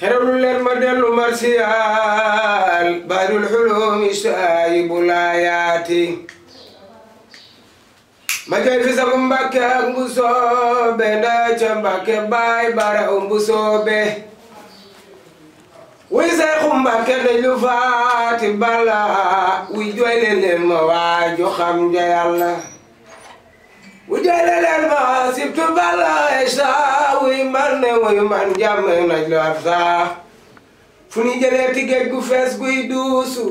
xerelu leen ma dellu marsiyaal baadul xuloomi saayibu laayaati ma jooy fi sagu mbàkke ak mbu soobe ndaa ca mbàkke baay bara u mbu soobe wuy say xu mbàkke dañ faati bala wuy jooy leen ma waaju xam ja yàlla wuy jooy leen leen ma sibtu bala mooyu man jàmm naj lu ab saax fu ñu jëlee ti géej gu fees guy duusu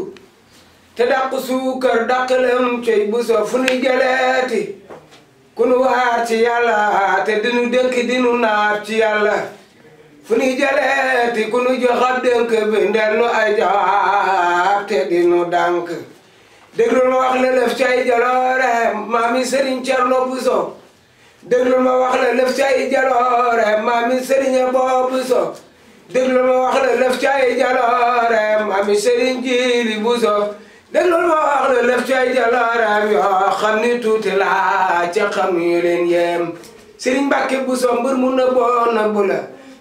te dàq suukar dàq lëm coy bu so fu ñu jëlee ti ku nu waar ci yàlla te dinu dëkk dinu naat ci yàlla fu ñu jëlee ti ku nu jox ab dënk bi ndel nu ay jawaab te dinu dànk déglul ma wax la lëf ci ay jaloore maami Serigne Thierno Bousso déglul ma wax la lëf ci ay jaloore mami ma wax la lëf cay jaloorem ma wax la cay jaloorem yoo ni tuuti laa ca xam yu yem sëriñ Mbàkke bu so mbër mu nëbboo nëbbu la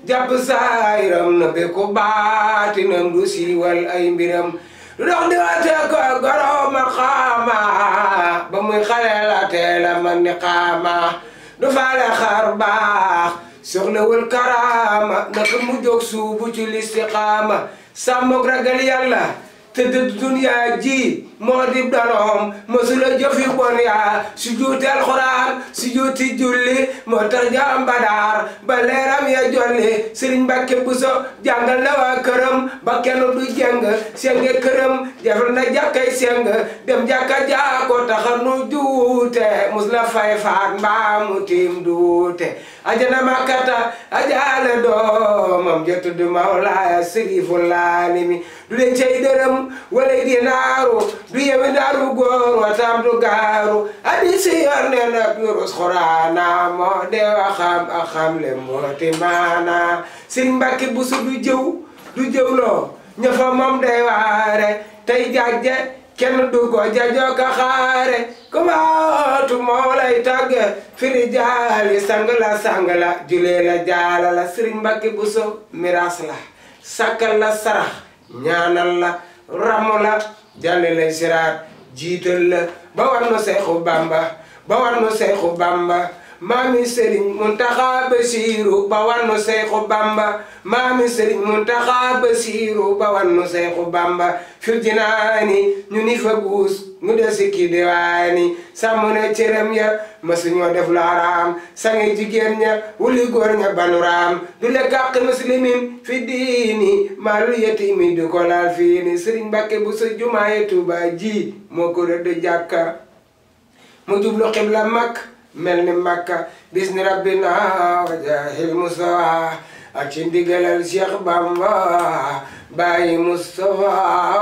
jàpp saayiram na be ko baatinam du siiwal ay mbiram lu dox di waatee ko goro ma xaama ba muy xale la teel a man ni xaama du faale xar baax soxlawul karaama naka mu jóg suubu ci listiqaama sàmmoog ragal yàlla tëdd duniyaa ji moo di danoom mësula jëfi bon yaa su juuti alxuraan su juuti julli moo tax jaam badaar ba leeram ya jolli sëriñ Mbàkke Buso jàngal na waa këram ba kenn du jeng senge këram jafal na jàkkay seng dem jàkka jaa ko taxa nu juute mus la fay faat mbaa mu tiim duute ajana makkata ajaale doomam jotu du mawlaaya sërifu laani mi du leen cay dërëm wala ginaaru du yewi ndaru góor wa tam du gaaru hadis yor ne nag yurus xuraana moo dee xam a ti maana sin mbakki busu du jëw du jëwloo ña fa moom day waare tey jajje kenn du ko jajoo ka xaare ku maatu moo lay tagge firi jaali sang la sang la la jaala la sëriñ mbakki buso la sakkal la sarax ñaanal la ramu la jàlli lay siraat jiital la ba war nu seexu bamba ba war nu seexu bamba maami Serigne Mountakha Bassirou ba wannu Seexu Bamba maami Serigne Mountakha Bassirou ba wannu Seexu Bamba fil jinaani ñu ni fa guus ñu de sikki diwaani sàmm na cëram ya masuñoo def lu araam sangi jigéen ña wuli góor ña banu raam du le gàq muslimin fi diini maalu yetimi du ko laal fii ni Serigne Mbacké bu sa jumaa ye Tuubaa ji moo ko rëdd jàkka mu jublu xibla mag mel ni Makka bis ni rabbina wajaahil musawa ak ci ndigalal Cheikh Bamba bàyyi Mustafa